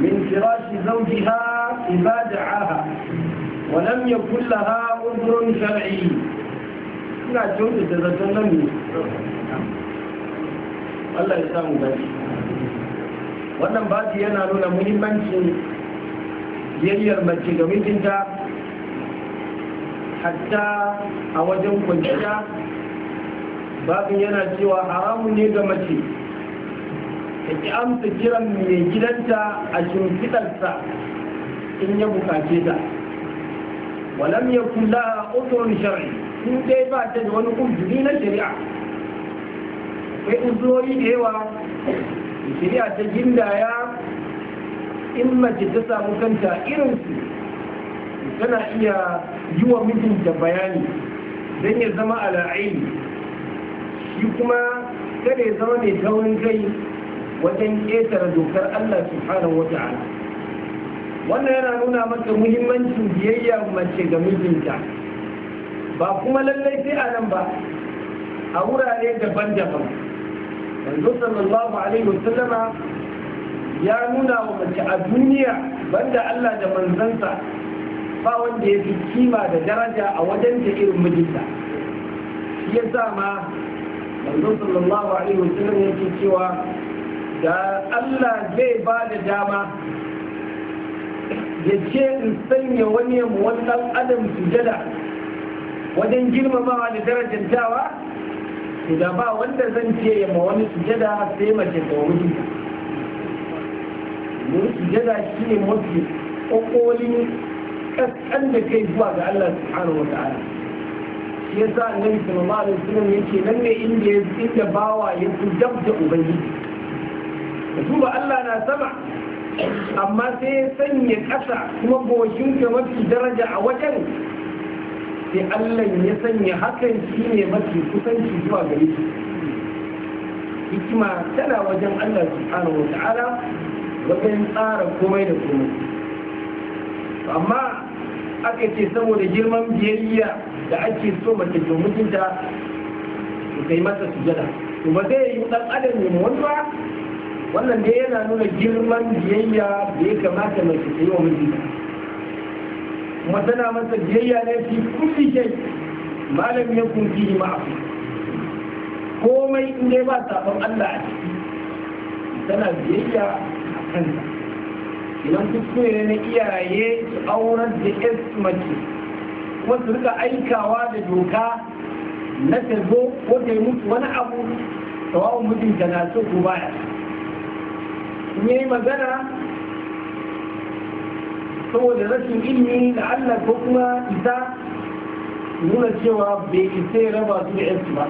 من فراش زوجها إذا دعاها ولم يكن لها عذر شرعي ina kyautata zaton nan ne wannan yana nuna muhimmancin biyayyar mace ga mijinta hatta a wajen kwanciya babin yana cewa haramu ne ga mace da ki amsa kiran mai gidanta a shimfiɗarsa in ya bukace ta walam ya kula uzurin shari'a sun dai ba ta da wani ƙungiyoyi na shari'a akwai uzurori da yawa shari'a ta gindaya in mace ta samu kanta irinsu tana iya yi wa mijinta bayani don ya zama ala'ayi shi kuma kada ya zama mai taurin kai wajen ƙetare dokar Allah subhanahu wa ta'ala wannan yana nuna maka muhimmancin biyayya mace ga mijinta ba kuma lallai sai a nan ba a wurare daban-daban yanzu sallallahu alaihi wasallama ya nuna wa mace a duniya banda Allah da manzansa ba wanda ya fi kima da daraja a wajen ta irin mijinta shi ya sa ma manzo sallallahu alaihi wasallam yake cewa da Allah zai ba da dama ya ce in sanya wani yamma wani ɗan adam sujada wajen girmamawa da darajar dawa, da ba wanda zan ce ma wani sujada sai mace ta wuri domin sujada shi ne mafi ƙwaƙolin kaskan da kai zuwa ga Allah subhanahu wa ta'ala shi yasa annabi sallallahu alaihi wasallam yake nan ne inda inda bawa ya fi dab da ubangiji ka duba Allah na sama amma sai ya sanya kasa kuma goshin mafi daraja a wajen sai Allah ya sanya hakan shi ne mafi kusanci zuwa gare shi hikima tana wajen Allah subhanahu wa ta'ala wajen tsara komai da komai amma aka ce saboda girman biyayya da ake so mace to mutunta su kai masa sujada to ba zai yi dan adam ne ba wannan dai yana nuna girman biyayya da ya kamata mai fita yi wa kuma tana masa biyayya na fi kulli shai malam ya kun yi ma'afi komai in dai ba sabon Allah a ciki tana biyayya a kanta idan kuskure na iyaye su aurar da mace kuma su rika aikawa da doka na ta ko ta yi mutu wani abu tawawun mijinta na so ko baya yayi magana saboda rashin ilimi da Allah ko kuma isa nuna cewa bai isa ya raba su da yansu ba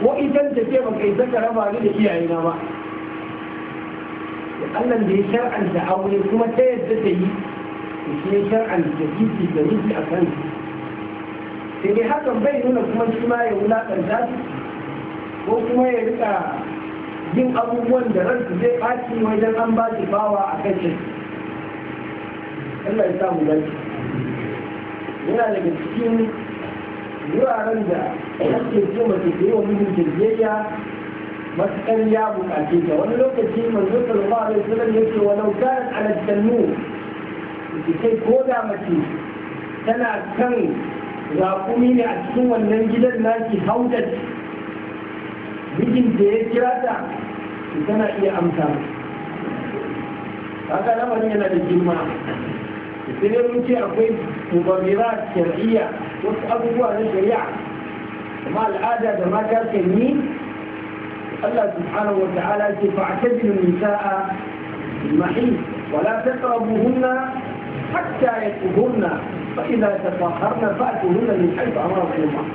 ko idan ta ce baka isa ka raba ni da iyayena ba da Allah da ya shar'anta aure kuma ta yadda ta yi shi ya shar'anta titi da miji a kan sai dai hakan bai nuna kuma shi ma ya wulaƙanta ko kuma ya rika yin abubuwan da ransu zai ɓaci wajen an ba shi bawa a kan shi Allah ya samu gani yana daga cikin wuraren da ake so mace ta yi wa mijin jirgeya matuƙar ya buƙace ta wani lokaci manzo sallallahu alaihi wasallam yake walau kanat ala tannu kai ko da mace tana kan raƙumi ne a cikin wannan gidan naki haudat mijin da ya kira ta tana iya amsa haka lamarin yana da girma sai mun ce akwai mubarira shari'a wasu abubuwa na shari'a amma al'ada da mata kan yi Allah subhanahu wa ta'ala ce fa'tabilu nisa'a mahi wa la taqrabuhunna hatta yatuhunna fa idza tatahharna fa'tuhunna min haythu amara Allah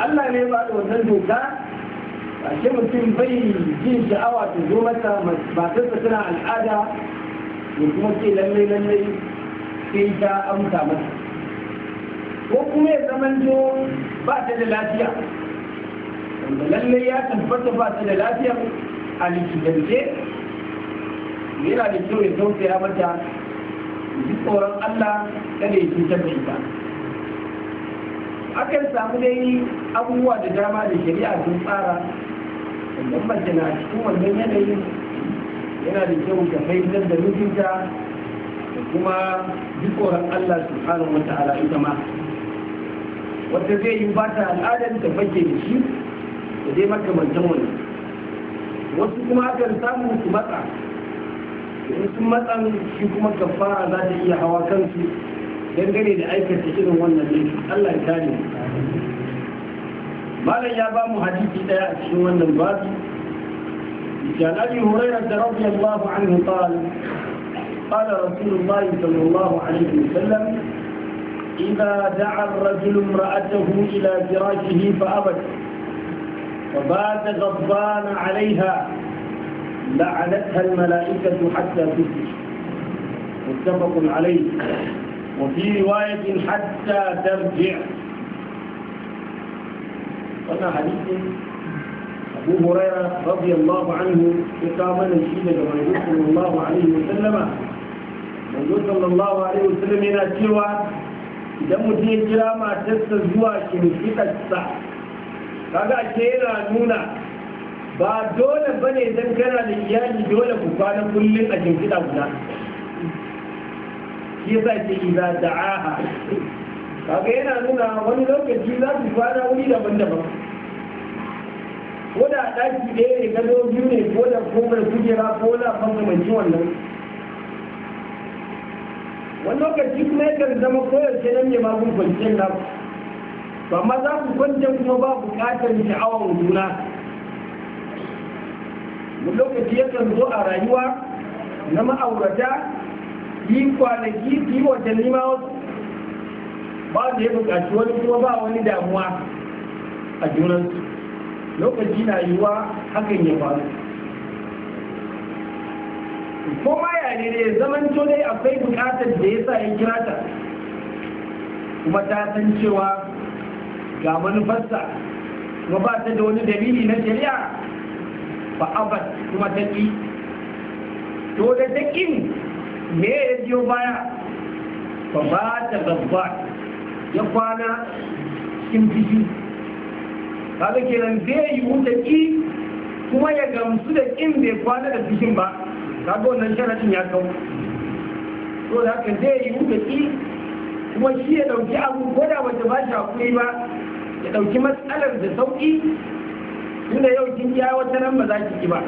Allah ne ba da wannan doka a ce mutum bai jin sha'awa ta zo mata matarsa tana al'ada da kuma ce lallai lallai sai ta amsa mata ko kuma ya jo ba ta da lafiya wanda lallai ya tabbata ba ta da lafiya a likitance yana da kyau ya tausaya mata ji tsoron Allah kada ya cutar da ita akan samu dai abubuwa da dama da shari'a sun tsara idan mace na cikin wannan yanayin yana da kyau ta fahimtar da mijinta da kuma jikoran Allah subhanahu wa ta'ala ita ma wata zai yi ba ta al'adar ta fake da shi da dai makamantan wani wasu kuma akan samu su matsa in sun matsan shi kuma kafara za ta iya hawa kansu dangane da aikata irin wannan ne Allah ya kare malam ya ba mu hadisi daya a cikin wannan babu كان أبي هريرة رضي الله عنه قال قال رسول الله صلى الله عليه وسلم إذا دعا الرجل امرأته إلى فراشه فأبت فبات غضبان عليها لعنتها الملائكة حتى تسجد متفق عليه وفي رواية حتى ترجع وانا حديث أبو هريرة رضي الله عنه إقامة نشيدة كما صلى الله عليه وسلم manzo sallallahu alaihi wasallam yana cewa idan mutum ya kira matarsa zuwa shimfiɗarsa kaga ake yana nuna ba dole bane dan kana da iyali dole ku kwana kullum a shimfiɗa guda shi yasa ke iza da'aha kaga yana nuna wani lokaci za su kwana wuri daban-daban ko da ɗaki ɗaya ne gado biyu ne ko da komar kujera ko da makamanci wannan wani lokaci kuma yakan zama koyaushe nan ne magun kwanciyar na to amma za ku kwance kuma ba ku buƙatar sha'awar juna wani lokaci yakan zo a rayuwa na ma'aurata yi kwanaki yi watanni ma wasu ba da ya buƙaci wani kuma ba wani damuwa a junansu lokaci na yiwuwa hakan ya faru ko ya ne ne zaman dai akwai buƙatar da ya sa ya kira ta kuma ta san cewa ga manufarsa kuma ba ta da wani dalili na shari'a ba abad kuma ta ki to da ta me ya jiyo baya ba ba ta babba ya kwana cikin fushi kaga kenan zai yi wuta kuma ya gamsu da kin bai kwana da fushin ba ga wannan sharadin ya kawo. to da haka zai yi wuta ki kuma shi ya dauki abu ko da wata ba shi haƙuri ba ya dauki matsalar da sauki tunda yau kin ya wata nan ba za ki ki ba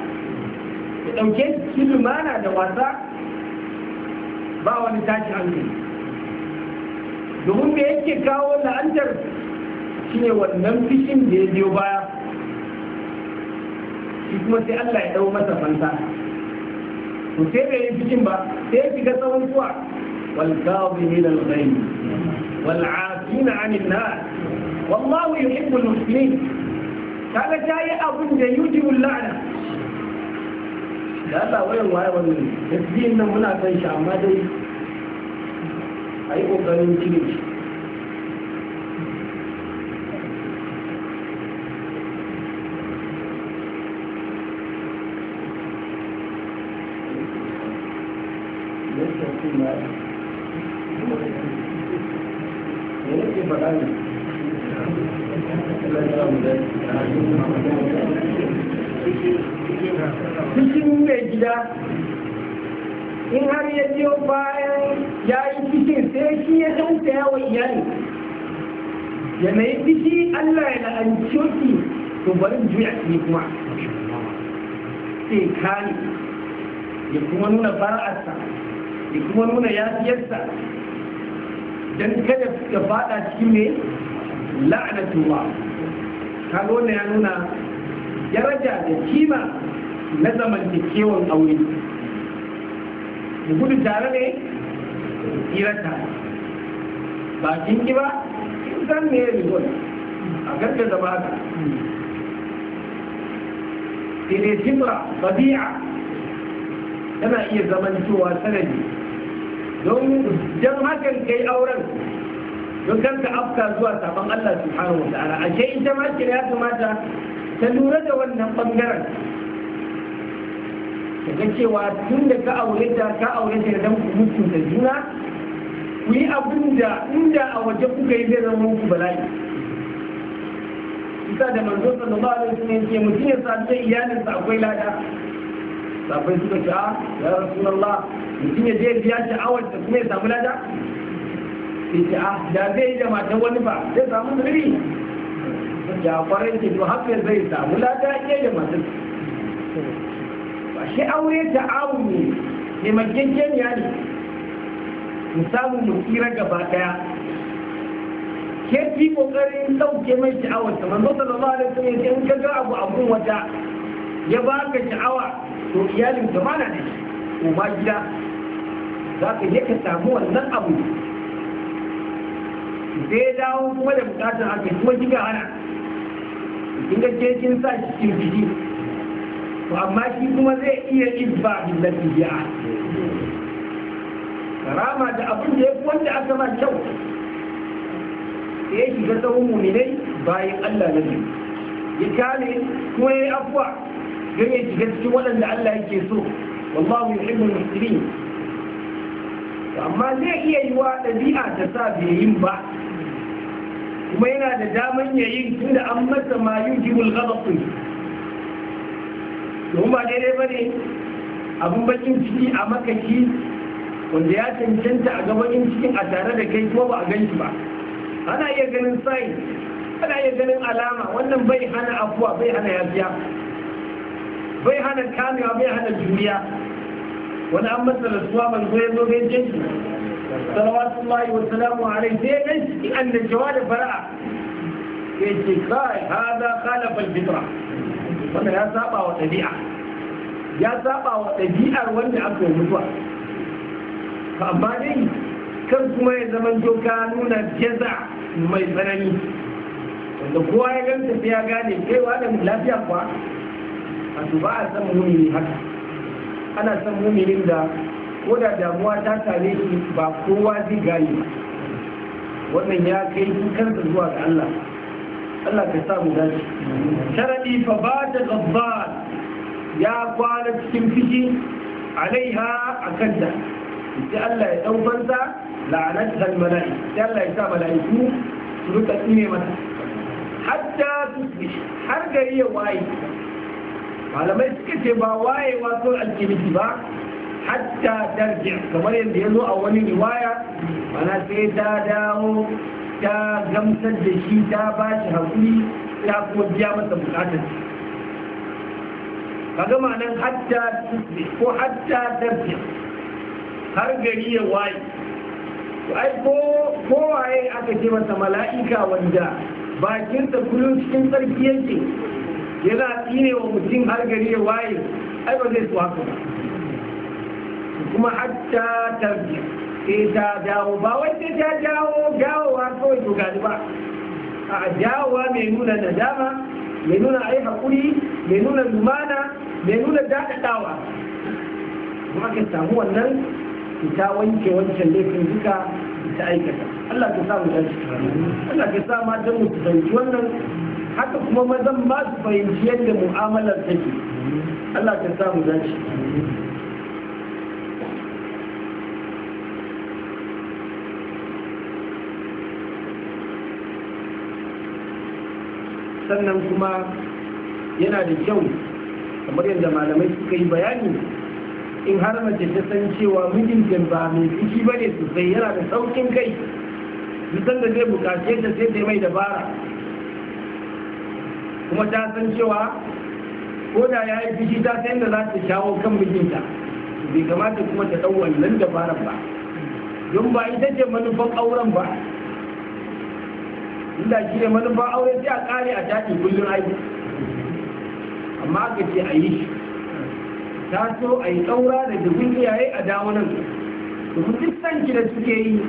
ya dauke shi lumana da wasa ba wani tashi hankali domin me yake kawo la'antar shi ne wannan fishin da ya biyo baya shi kuma sai Allah ya dawo masa fanta to sai bai yi fishin ba sai ya shiga tsawon kuwa wal kawimin al ghayb wal afina 'anil nas wallahu yuhibbul muslimin kaga yi abun da yujibu la'ana da ta wayan waye wannan tasbihin nan muna kan shi amma dai a yi ƙoƙarin cikin shi ya biyo bayan ya yi cikin sai shi ya ɗauka yawa iyali ya na yi ciki allah ya la'anci ki to bari juya ni kuma sai kani ya kuma nuna fara'arsa ya kuma nuna yafiyarsa don kada ka fada cikin ne la'anatullah kaga wannan ya nuna daraja da kima na zamantakewan aure gudu tare ne tsira tare ba kin ki ba kin san me ne gona a garka zama haka sai dai timra tabi'a tana iya zamantowa sanadi don jan hakan kai auren don kanka afka zuwa sabon Allah subhanahu wa ta'ala ashe ita ma kira ya kamata ta lura da wannan bangaren daga cewa tun da ka aure ta ka aure ta dan ku mutu da juna ku yi abin da inda a waje kuka yi zai zama muku bala'i isa da manzo sallallahu alaihi wasallam ce mutum ya sami da iyalinsa akwai lada safai suka ce a ah, ya rasulullah mutum ya je biya awar da kuma ya samu lada sai ce a ah, da zai yi da matan wani ba zai samu zuri ya kwarai ce to haka zai samu lada iya da matan shi aure ta awu ne taimakeken ya ne in samu mu tsira gaba daya ke fi kokarin dauke mai sha'awar ta manzo sallallahu alaihi wasallam in ka ga abu abun wata ya ba ka sha'awa to iyalin ta mana ne ko ba gida za ka je ka samu wannan abu Zai dawo kuma da bukatar haka kuma kika hana kin ga ke kin sa cikin biki to amma shi kuma zai iya idfa billahi bi'a karama da abin da ya fi wanda aka ba kyau da ya shiga tsawon muminai bayan Allah na biyu ya kame kuma ya yi afuwa don ya shiga cikin waɗanda Allah yake so wallahu yuhibbul muslimin amma zai iya yi wa ɗabi'a ta sa bai yin ba kuma yana da daman ya yi tunda an masa ma yujibul ghadab domin ba daidai ba ne abin bakin ciki a makashi wanda ya cancanta a gabanin cikin a tare da kai ko ba a ganki ba ana iya ganin sign ana iya ganin alama wannan bai hana afuwa bai hana yafiya bai hana kamewa bai hana juriya wani an masa rasuwa manzo ya zo bai jinsu salawatullahi wa salamu alaihi sai gan shi an da jawa da fara'a sai ce kai hada khalafa al-fitra wanda ya saba wa ɗabi'a ya saba wa ɗabi'ar wanda aka yi mutuwa ba amma dai kan kuma ya zama doka nuna jaza mai tsanani wanda kowa ya ganta sai ya gane kaiwa da lafiya kuwa a su ba a san mumini haka ana san muminin da ko da damuwa ta tare shi ba kowa zai gane ba wannan ya kai kansa zuwa ga Allah Allah ka samu dace sharadi fa ba da gabban ya kwana cikin fiki alaiha a kanta sai Allah ya ɗaukar sa la'anat hal mala'i sai Allah ya sa mala'iku su rika tsine mata hatta tusbih har gari ya waye malamai suka ce ba waye sun alkimiki ba hatta tarji kamar yadda ya zo a wani riwaya mana sai ta dawo ta gamsar da shi ta ba shi haƙuri ta kuma biya masa bukatar kaga nan hatta tusbe ko hatta tafiya har gari ya waye ai ko waye aka ce masa mala'ika wanda bakinsa kullum cikin sarki yake yana tsine wa mutum har gari ya waye ai ba zai so haka ba kuma hatta tafiya Eh, sai ta dawo ba wacce ta jawo jawowa kawai to gani ba a jawowa mai nuna nadama mai nuna ai hakuri mai nuna lumana mai nuna dakatawa kuma ka samu wannan ta wanke wancan laifin duka ta aikata Allah ka sa mu dace Allah ka sa ma matan mu fahimci wannan haka kuma mazan ba su fahimci yadda mu'amalar take Allah ka sa mu dace sannan kuma yana da kyau kamar yadda malamai suka yi bayani in har mace ta san cewa mijinta ba mai fushi ba ne sosai yana da saukin kai duk da zai bukace ta sai ta mai dabara kuma ta san cewa ko da ya yi fushi ta san da za ta shawo kan mijinta bai kamata kuma ta ɗau wannan dabarar ba don ba ita ce manufan auren ba inda shi ne manufa aure sai a kare a taki kullum aiki amma ka ce a yi ta so a yi tsaura da dubin iyaye a dawo nan ku duk ki da suke yi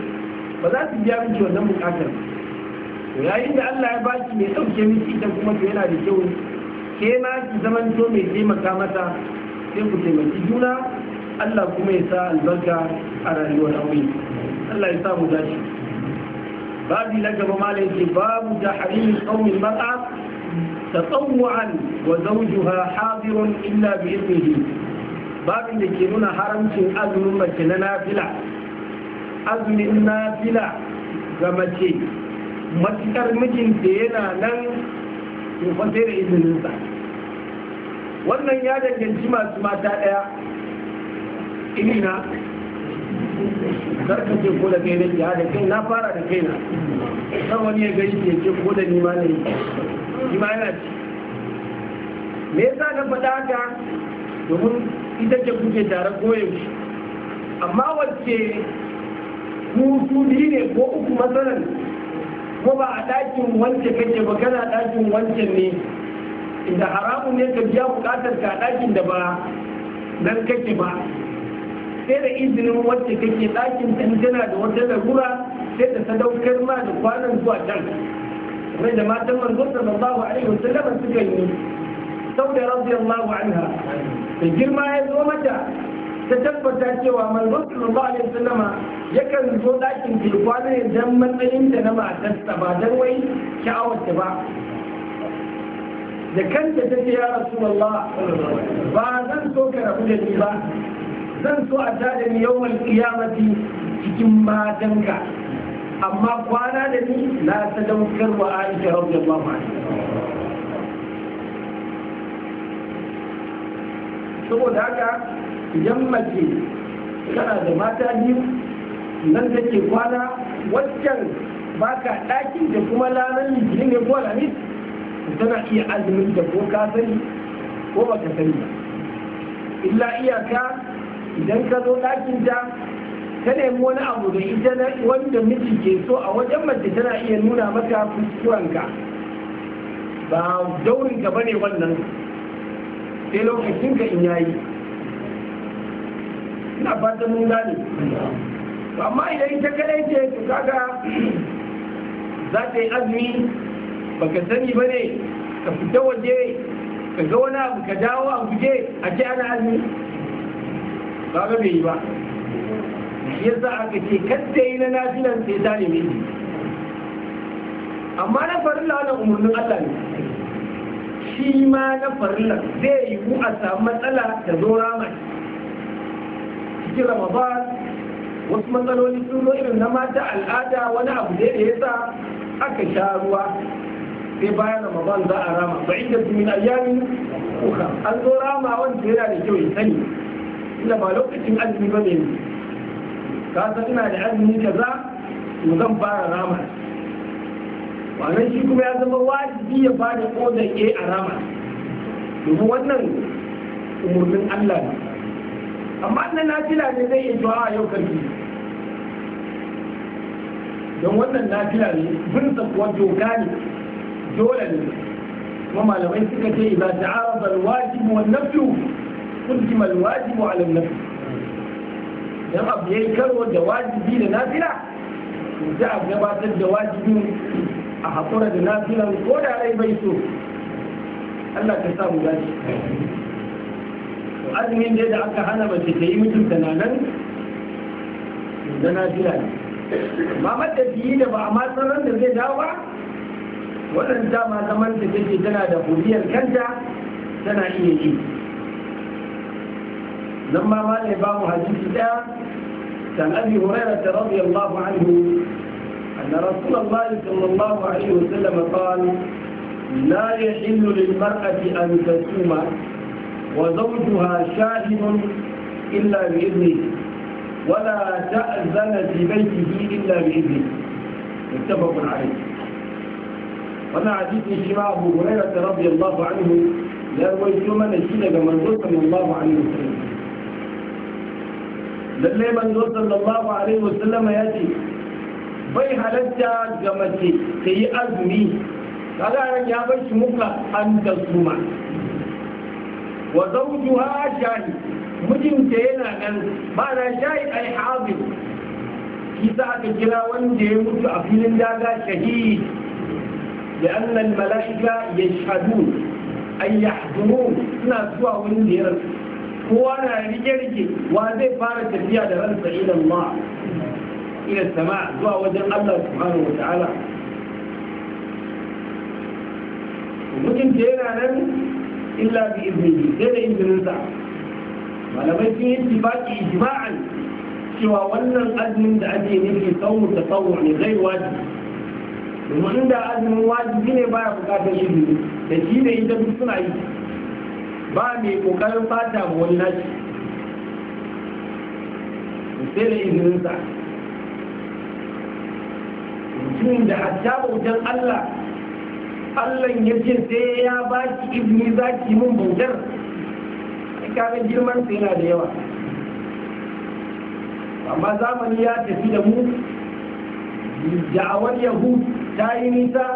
ba za su biya miki wannan bukatar to yayin da Allah ya baki mai ɗauke miki ita kuma to yana da kyau ke ma ki to mai taimaka mata sai ku taimaki juna Allah kuma ya sa albarka a rayuwar aure Allah ya sa mu dace babi na gaba malam ce babu tahrim qawmin mar'a tatawwan wa zawjuha hadirun illa bi idnihi babin da ke nuna haramcin azumin mace na nafila azumin nafila ga mace matukar mijinta yana nan to da izininsa wannan ya danganci masu mata ɗaya irina kar ka ce ko da kai nake da kai na fara da na kan wani ya gani ke ce ko da nima ne shi ma yana ci me yasa na faɗa haka domin ita ce kuke tare koyaushe amma wacce ku su biyu ne ko uku matsalar ko ba a ɗakin wancan kake ba kana ɗakin wancan ne inda haramun ne ka biya buƙatar ka ɗakin da ba nan kake ba sai da izinin wacce kake ɗakin ta tana da wata larura sai da sadaukar ma da kwanan zuwa can kamar da matan manzo sallallahu alaihi wasallam suka yi sauda radiyallahu anha da girma ya zo mata ta tabbata cewa manzo sallallahu alaihi wasallam yakan zo ɗakin ki kwana ne dan matsayin ta na matarsa ba dan wai sha'awar ta ba da kanta ta ce ya rasulullah ba zan so ka rabu da ni ba zan so a tada ni yawon kiyamati cikin matanka amma kwana da ni na sadaukar wa aisha radiyallahu anha saboda haka idan mace tana da mata biyu nan take kwana waccan baka ɗakin da kuma ranar litinin ne ko tana iya azumin da ko ka sani ko baka sani ba illa iyaka idan ka zo ɗakin ta ta nemi wani abu da ita wanda miji ke so a wajen mace tana iya nuna maka kuskurenka ba daurin ba ne wannan sai lokacin ka in yayi ina fatan mun gane amma idan ita kadai ce to kaga za ta yi azumi baka sani ba ne ka fita waje ka ga wani abu ka dawo a guje a ce ana azumi ba ga bai yi ba shi yasa aka ce kadda yi na nafilan sai ta nemi ne amma na farin wannan umarnin Allah ne shi ma na farilla zai yi ku a samu matsala da zo rama cikin ramadan wasu matsaloli sun zo irin na mata al'ada wani abu da ya sa aka sha ruwa sai bayan ramadan za a rama ba inda su min ayyami uka an zo rama wanda yana da kyau ya sani kila ba lokacin azumi ba ne ka san ina da azumi kaza to zan fara rama wannan shi kuma ya zama wajibi ya ba da kodar a rama domin wannan umurnin Allah ne amma na nafila ne zai iya a yau karfi don wannan nafila ne bin kuwa doka ne dole ne kuma malamai suka ce idan ta'arada alwajibu wan nafyu قدم الواجب على النفل dan abu ya yi karo da wajibi da nafila to abu a gabatar da wajibin a haƙura da nafilan ko da rai bai so Allah ka samu dace azumin da da aka hana mace ta yi mutum da nan da nafila ne da matafiyi da ba a matsaran da zai dawo ba wannan dama zaman da take tana da kuriyar kanta tana iya yi لما ما يبام حديث ده عن أبي هريرة رضي الله عنه أن رسول الله صلى الله عليه وسلم قال لا يحل للمرأة أن تصوم وزوجها شاهد إلا بإذنه ولا تأذن في بيته إلا بإذنه متفق عليه وانا حديث الشماء أبو هريرة رضي الله عنه لا رويت من الشيء كما صلى الله عليه وسلم lallai manzo sallallahu alaihi wasallama ya ce bai halatta ga mace ta yi azumi kaga ya bar shi muka an da suma wa zawjuha shahi mijinta yana nan ba na shahi ai hazir shi sa aka kira wanda ya mutu a filin daga shahid لأن malaika يشهدون أي يحضرون suna zuwa wani da ya rasu kowa na rike-rike wa zai fara tafiya da ransa ilan ma ila sama zuwa wajen Allah subhanahu wa ta'ala mutum da yana nan illa bi izini sai da izininsa malamai sun yi tibaki jima'an cewa wannan azumin da ake nufi tsawo da tsawo ne zai wajibi domin da azumin wajibi ne baya bukatar izini da shi ne ita duk suna yi ba mai kokarin fata ga wani nashi sai da izininsa Mutum da hatta bautar Allah Allah ya ce sai ya ba ki izini za ki mun bautar kaga girman sai yana da yawa amma zamani ya tafi da mu da'awar yahud ta yi nisa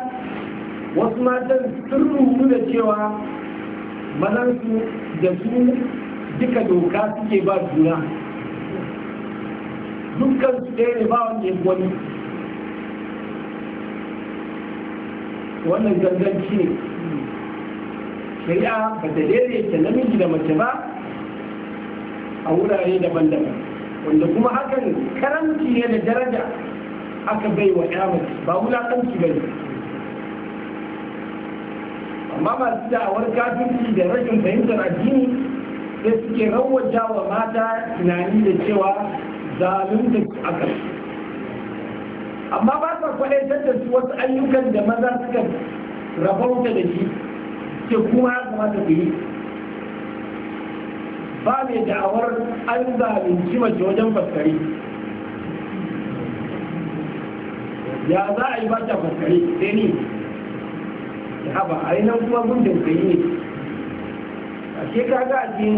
wasu matan sun rubu cewa mazansu da su duka doka suke ba juna dukkan su ɗaya ne ba wani wani wannan ganganci ne shari'a ba ta daidaita namiji da mace ba a wurare daban-daban wanda kuma hakan karanci ne da daraja aka bai wa mace ba wulakanci bai amma ba su da'awar kafinci da rashin fahimtar addini sai suke rawaja wa mata tunani da cewa zalunta a ƙarshe amma ba sa kwadaitar da su wasu ayyukan da maza suka rabauta da shi ke kuma ya kamata ku yi ba mai da'awar an zalunci mace wajen fasari ya za a yi ba ta fasari sai ne haba a yi nan kuma gun kai ne a ke kaga a ce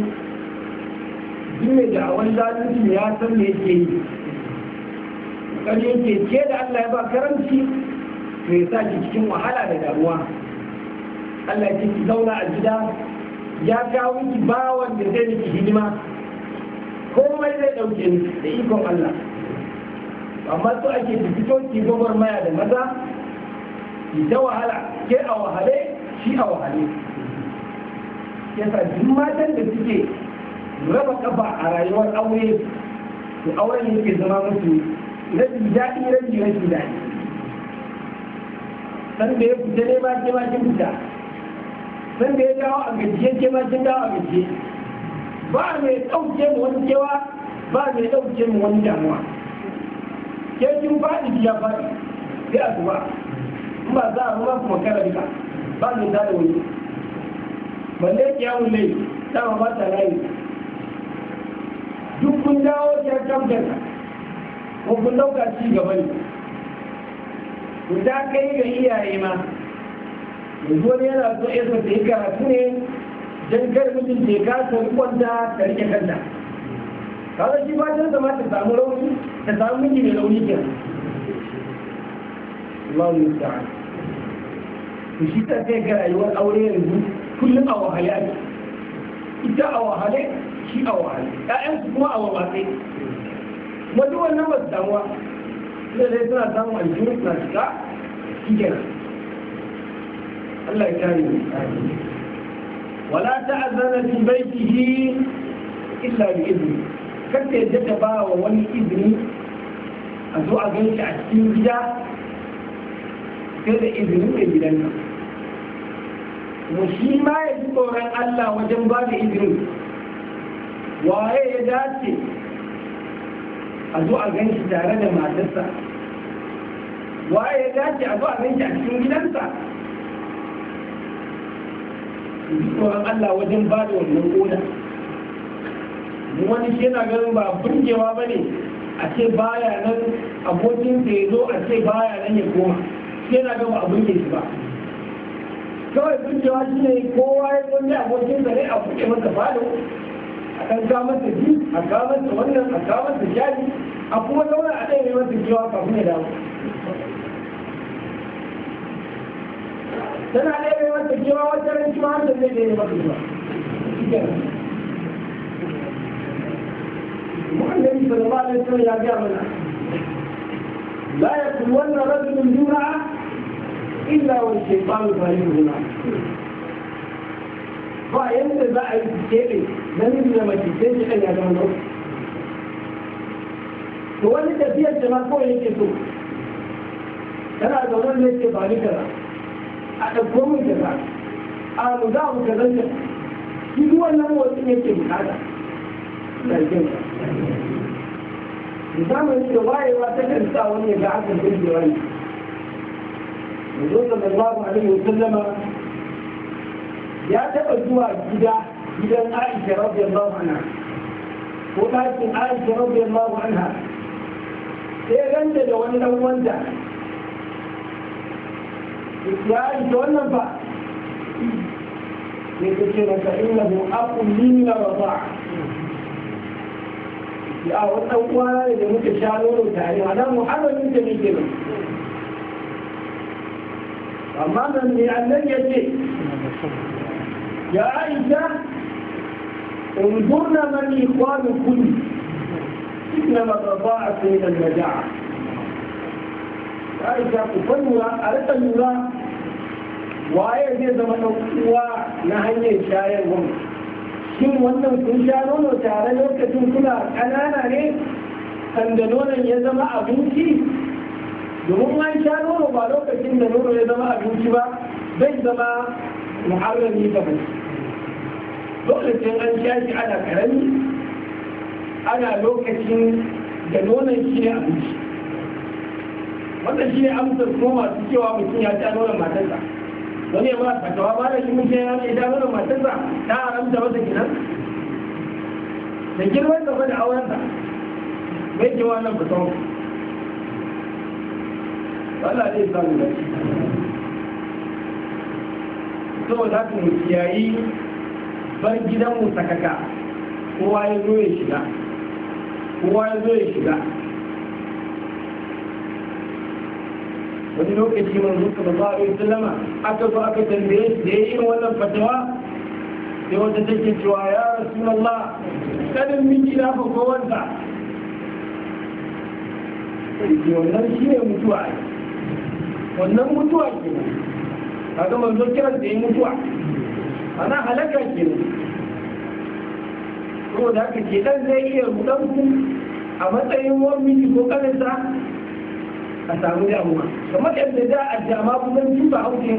duk da awon zalunci ya san me yake yi kan yake ke da Allah ya ba karanci to ya sa cikin wahala da damuwa Allah ya zauna a gida ya kawo ki bawan da zai miki hidima komai zai dauke ni da ikon Allah amma su ake da fito ki gobar maya da maza ki ta wahala ke a wahale shi a wahale yasa duk matan da suke raba kafa a rayuwar aure to auren ke zama musu rabi daɗi rabi rabi daɗi san da ya fita ne ba ke ma kin fita san da ya dawo a gajiye ke ma kin dawo a gajiye ba mai ɗauke mu wani kewa ba mai ɗauke mu wani damuwa ke kin faɗi ya faɗi sai a zuwa ba za a zama kuma kara duka ba ni da da wani balle kiyamun lai dama ba ta layi duk kun dawo kiyar kamtar ko kun dauka ci gaba ne ku ta kai ga iyaye ma yanzu wani yana so ya so ta yi karatu ne don kar mutum ta ka so kwanta ta rike kanta kawo shi ba ta zama ta samu rauni ta samu miji mai rauni kenan Allah ya to shi ta sai ga rayuwar aure yanzu kullum a wahale ake ita a wahale shi a wahale ƴaƴan su kuma a wawatse kuma duk wannan ba su damuwa suna dai suna samun aljihu suna shiga shi kenan Allah ya kare mu wala ta'zana fi baitihi illa bi idni kar ta yadda ta ba wa wani izini a zo a gan shi a cikin gida sai da izinin mai gidan nan mu shi ma ya ji tsoron Allah wajen ba da izini waye ya dace a zo a gan shi tare da matarsa waye ya dace a zo a gan shi a cikin gidansa ji tsoron Allah wajen ba da wannan koda wani shi yana ganin ba burgewa ba ne a ce baya nan abokin ya zo a ce baya nan ya koma shi yana ganin ba a burge shi ba kawai zuciya shi ne kowa ya zo ne abokin sa ne a buɗe masa falo a kan kamar da ji a kamar da wannan a kamar da jari a kuma zauna a ɗaya masa cewa kafin ya dawo tana ɗaya masa cewa wata ran ma har da zai ɗaya masa jiwa mu'annabi sallallahu alaihi wasallam ya ga mana la yakul wannan rajul illa wani shekaru ba yi huna ba yadda za a yi keɓe namiji da mace sai shi kan ya gano to wani tafiyar da ma kawai yake so tana da wani ne ke ba ni kaza a ɗauko min kaza a mu za mu kaza wayewa ta kan sa wani yanzu sallallahu alaihi wasallama ya taɓa zuwa gida gidan aisha radiyallahu anha ko ɗakin aisha radiyallahu anha sai ganta da wani ɗan wanda ya aisha wannan ba sai ta ce masa innahu aqul li min ar-rada'a ya wannan uwa ne da muka sha nono tare a nan muhammadin ta ne kenan أمامنا من يعلم يديه يا عائشة انظرنا من إخوان كل إنما تضاعف من المجاعة عائشة أقول لها أردت النورا وآية دي زمن أقوى نهاية شاير هم شم وانتم تنشارون وتعالى لوكة تنكلا أنا نعني أندلون أن يزم أبوكي domin an sha nono ba lokacin da nono ya zama abinci ba zai zama muharrami ga mace lokacin an sha shi ana karami ana lokacin da nonon shi ne abinci wannan shi ne amsar kuma masu cewa mutum ya sha nonon matarsa wani ya ba ta ba da shi mutum ya sha nonon matarsa ta haramta wata kinan da girman da gaba da aurensa bai ba wannan fatawa Allah zai samu da shi saboda haka mu kiyayi bar gidanmu sakaka kowa ya zo ya shiga kowa ya zo ya shiga wani lokaci manzo sallallahu alaihi wasallama aka zo aka tambaye shi da ya yayin wannan fatawa sai wata take cewa ya rasu kadan miki na fa ko kowanta. sai wannan shi ne mutuwa wannan mutuwa ke nan a ga manzo kiran da yi mutuwa ana halaka ke nan ko da aka ke dan zai iya rudan ku a matsayin wani ko kaninsa a samu damuwa kamar yadda da a jama kuma tuba hauke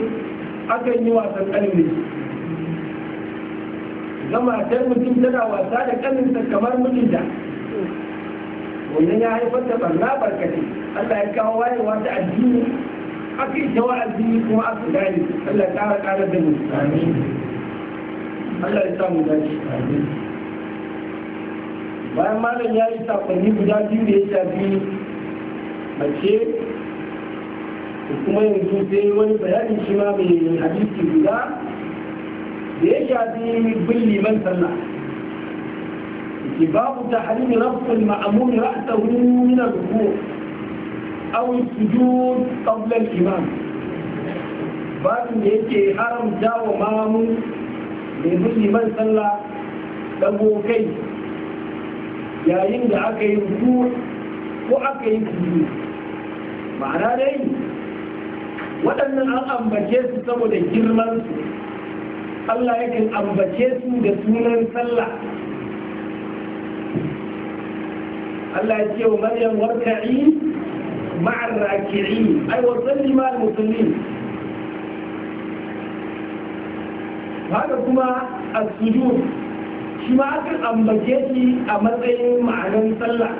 akan yi wasan kalmi gama da mutum tana wasa da kaninsa kamar mijinta wannan ya haifar da barna barkati Allah ya kawo wayewa ta addini aka yi a wa'azi kuma aka gane Allah ta ƙara kara da mutane Allah ya samu dace bayan malam ya yi sakonni guda biyu da ya shafi mace da kuma yanzu sai wani bayanin shi ma mai hadisi guda da ya shafi bin liman sallah babu ta halin rafin ma'amuri ra'asahu min al-ruku' أو السجود قبل الإمام babin da yake haramta wa mamu mai musulman sallah dago kai yayin da aka yi ruku ko aka yi kudu ma'ana dai waɗannan an ambace su saboda girman su Allah yakan ambace su da sunan sallah Allah ya ce wa Maryam warka'i مع الراكعين أي وصلي مع المسلمين هذا كما السجود شما أكل أمبكيتي مع معنى صلى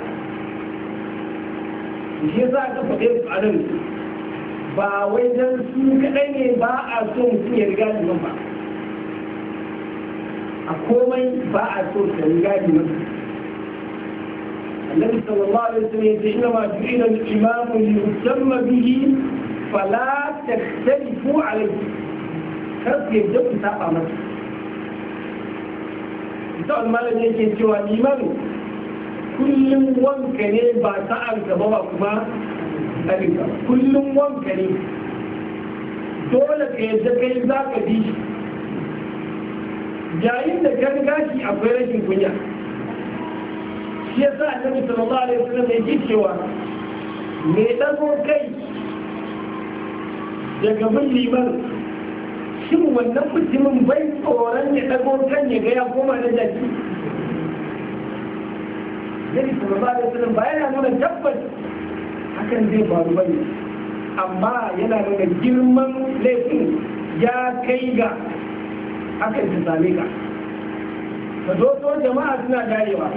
shi za ka faɗe su a nan ba wai don su kaɗai ne ba a son mutum ya riga ba a komai ba a riga النبي صلى الله عليه وسلم حينما جعل الامام ليهتم به فلا تختلفوا عليه كرب يجب ان تابع مسجد ita almalar ne ke cewa limanu kullum wanka ne ba sa'ar gaba ba kuma ɗarika kullum wanka ne dole ka yadda kai bi shi yayin da kan gashi akwai rashin kunya shi ya sa annabi sallallahu alaihi wasallam ya ji cewa me dago kai daga bin liman shin wannan mutumin bai tsoron ya dago kan ya ga ya koma na jaki Nabi sallallahu alaihi wasallam ba yana nuna tabbas hakan zai faru bane amma yana nuna girman laifin ya kai ga hakan ta same ka ka zo jama'a suna darewa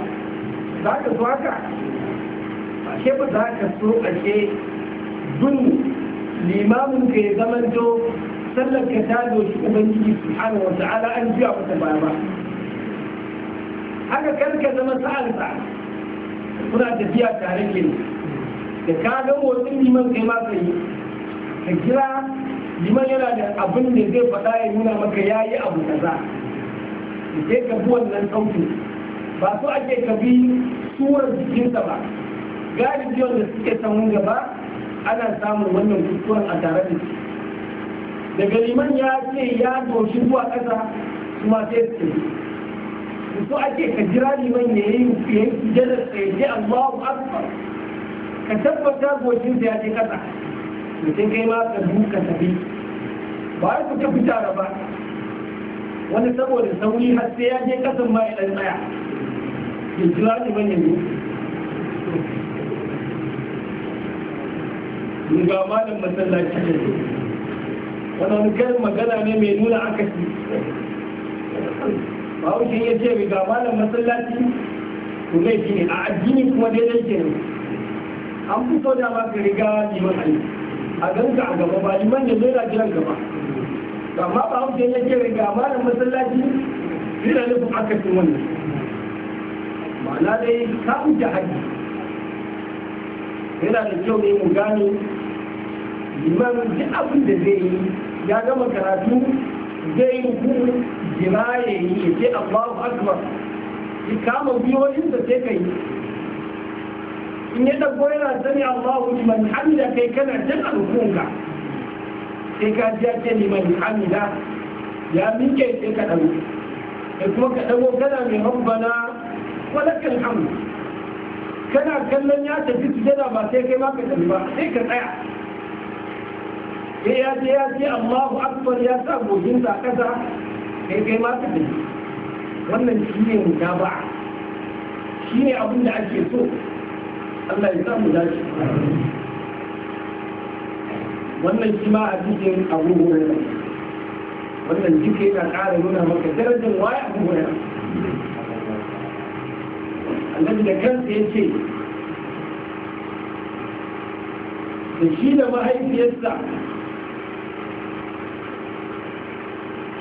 za ka zo haka ke ba za ka so ashe dun limamin ka ya to sallar ka ta doshi ubangiji ana wa ala an biya a baya ba haka kar ka zama sa'arsa kuna tafiya tare ke da ka ga motsin liman kai ma ka yi ka kira liman yana da abin da zai faɗa ya nuna maka ya yi abu kaza za ka bi wannan sautin ba su ake ka bi suwar jikinsa ba galibi da suke samun gaba ana samun wannan kuskuren a tare da su, daga liman ya ce ya doshi zuwa ƙasa ma sai su su ake ka jira liman ya yi ya yi sujjadar sai ji Allahu akbar ka tabbata goshin ya je ƙasa mutum kai ma ka duka tafi ba ku tafi tare ba wani saboda sauri har sai ya je ƙasan ma idan tsaya islami ba ne ga malam masallaci ne wani karin magana ne mai nuna aka ci ba wuce iya ce ga malam masallaci ku laifi ne a addini kuma daidai ke an fito da ma ka riga liman ali a ganka a gaba ba liman ne zai na jiran gaba amma ba wuce iya ce ga malam masallaci zai na nufin akasin wannan ma'ana dai ka da haji yana da kyau ne mu gano liman duk abin da zai yi ya gama karatu zai yi hukun jira ya yi ya ce allahu akbar ya kama biyoyinsa sai ka yi in ya ɗago yana sani allahu liman hamida kai kana jin alhukunka sai ka ji ya ce liman hamida ya miƙe sai ka ɗago da kuma ka ɗago kana mai rabbana walakal hamd kana kallon ya tafi sujada ba sai kai ma ka tafi ba sai ka tsaya sai ya je ya ce Allahu akbar ya sa gobin sa kasa kai ma ka tafi wannan shine mutaba'a shine abin da ake so Allah ya samu dace wannan shi ma wannan yana ƙara nuna maka darajar waya annabi da kansa ya ce da shi da mahaifiyarsa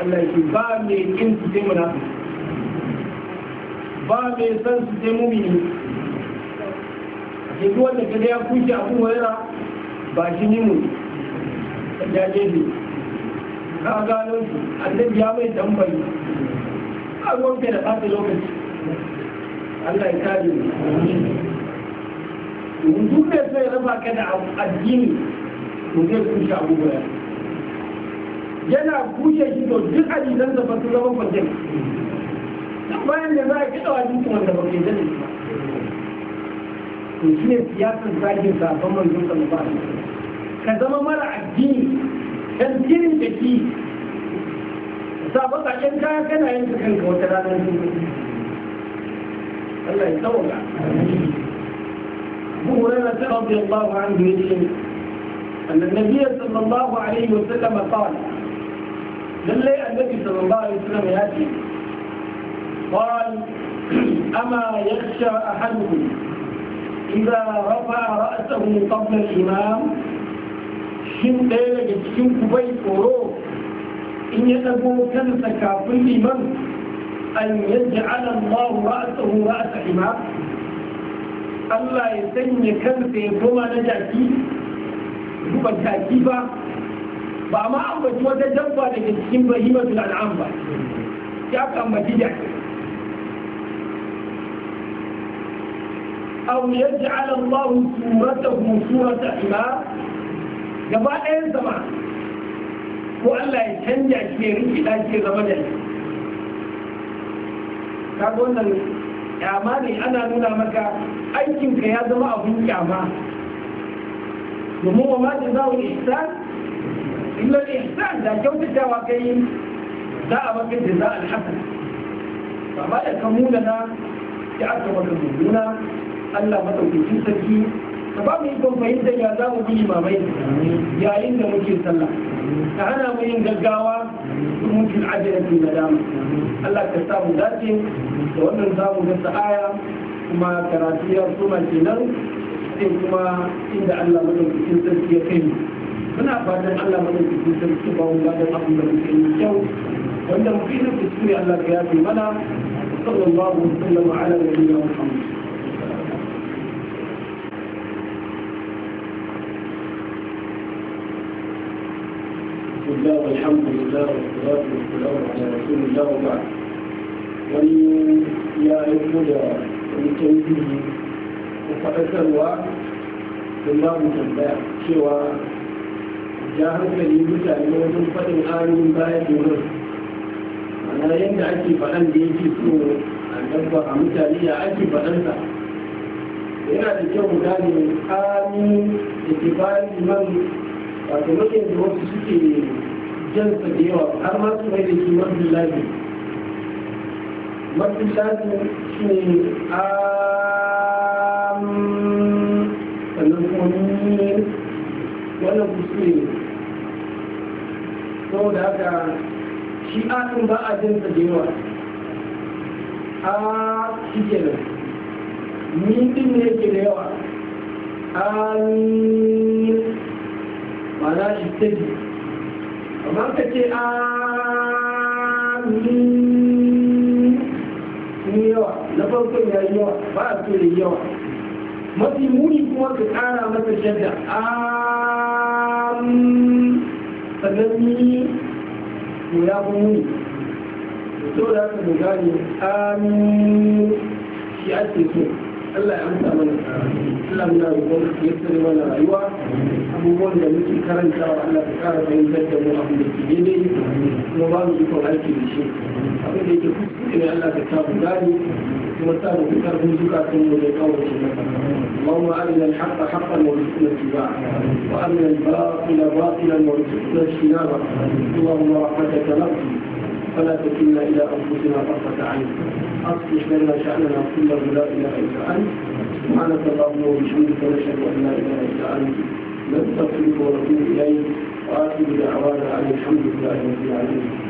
Allah shi ba mai kin su sai muna ba mai san su sai mumini ake cikin wanda ka ya kushe a kuma yana ba shi ni mu ya je ne ka gano su annabi ya mai tambayi a ruwan da ɓata lokaci Allah ya kare mu duk da sai raba ka da addini to zai kushe abubuwa yana kushe shi to duk hadisan da ba su zama kwajin dan bayan da za a kiɗa wa jikin wanda ba ke zane ba to shi ne siyasar zagin sabon manzon sallallahu alaihi wasallam ka zama mara addini dan jirin da ki sabon ka yan kaya kana yin kanka wata ranar sun الله يتولى رضي الله عنه يسلم أن النبي صلى الله عليه وسلم قال للي النبي صلى الله عليه وسلم يأتي قال أما يخشى أحدكم إذا رفع رأسه قبل الإمام شن قيلة شن كبيت وروح إن يتبو كنس كافر لمن أن يجعل الله رأسه رأس حمار Allah ya sanya kansa ya koma na jaki ba jaki ba ba ma ambaci wata dabba da ke cikin bahimatul al'am ba ya ambaci jaki aw yaj'al Allah suratahu surata ima gaba ɗayan sama ko Allah ya canja shi ya rikida shi zama jaki kaga wannan kyama ne ana nuna maka aikinka ya zama abun kyama domin wama ma da zawo ihsan illa ihsan da kyautatawa yi za a maka da za alhasan ba ma da ka muna na ya aka maka zuguna Allah madaukakin sarki ba mu yi fahimta ya za mu bi imamai yayin da muke sallah ta hana mu yin gaggawa mutum ajiyarci na dama Allah ka samu dace da wannan za mu ga aya kuma karatu ya soma kenan sai kuma inda Allah madaukakin sarki ya kai muna fatan Allah madaukakin sarki ba mu gadan abin da muke yi kyau wanda mu fi na ne Allah ka yafe mana sallallahu alaihi wa sallam ala nabiyina الله والحمد لله والصلاة والسلام على رسول الله وبعد ومن يا يهودا ومن تنزيه وفقسر وعد الله مجمع شوى جاهل كريم تعالى وزن فتن آل من باية مرس أنا يندى عكي فأن في سوى أن تبقى عمتالية عكي فأنسى yana da kyau mu gane tsarin da ke bayan iman wato mutane jan sa da yawa har ma su mai da shi mafi lafi mafi lafi shi ne a sannan kuma wannan kuskure ne saboda haka shi asin ba a jan sa da yawa a shi kenan ni din ne ke da yawa a ma'ana shi amma ka ce na yawa ba yawa mafi muni kuma ka kara masa shadda amin sannan ni ya muni da shi ake so Allah ya amsa mana Allah muna roƙon rayuwa abubuwan da muke karantawa Allah ta kara fahimtar da mu abin da ke daidai kuma ba mu ikon aiki da shi abin da yake kuskure ne Allah ta sa mu gani kuma sa mu fi karfin zukatan mu da kawace masa اللهم أرنا الحق حقا وارزقنا اتباعه وأرنا الباطل باطلا وارزقنا اجتنابه اللهم رحمتك نرجو فلا تكلنا إلى أنفسنا طرفة عين أصلح لنا شأننا كله لا إله إلا أنت سبحانك اللهم وبحمدك نشهد ان لا اله الا انت نستغفرك ونتوب اليك واتي بدعوانا عن الحمد لله رب العالمين